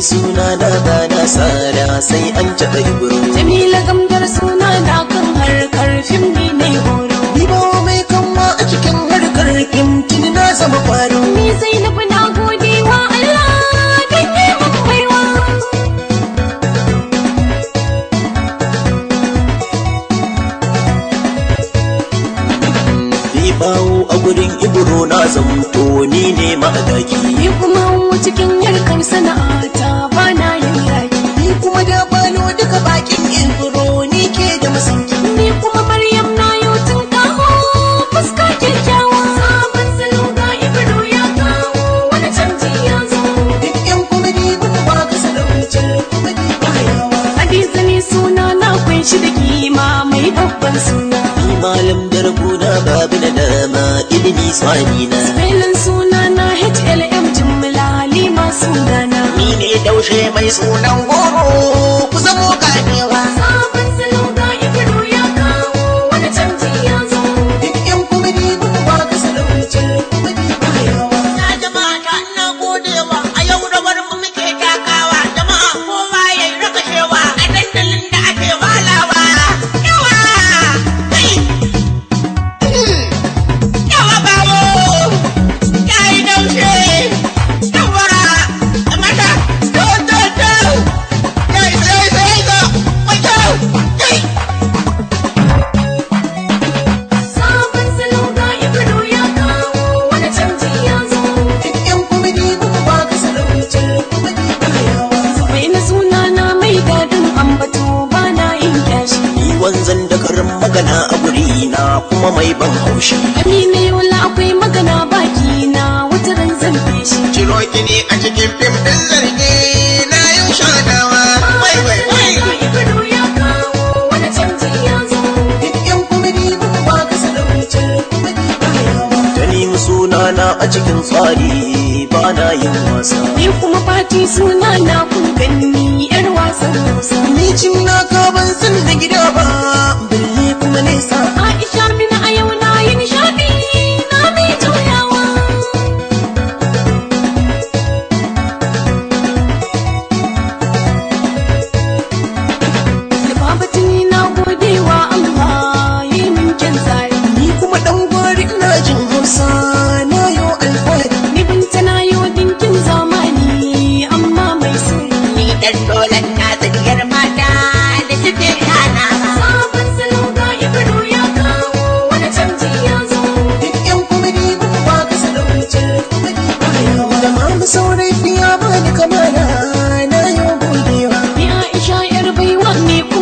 suna na ba na sai an a ibro jamila gamdar suna na kan harkar fim ni ne horo ni ba mai kanwa a cikin harkar fim na zama kwaro ni zainabu na gode wa Allah da ke baiwa ni a gurin ibro na zamto ni ne ma'adaki ilimi da na spelling suna na HLM jimla halima sunana ni ne daushe mai sunan goro ku zamo kamewa magana a guri na kuma mai ban haushi amina wala akwai magana baki na wata ran zan shi kiro gini a cikin fim din zargi na yau shanawa wai wai wai sunana a cikin tsari ba na yin wasa ni kuma fati suna na kun ganni yar wasan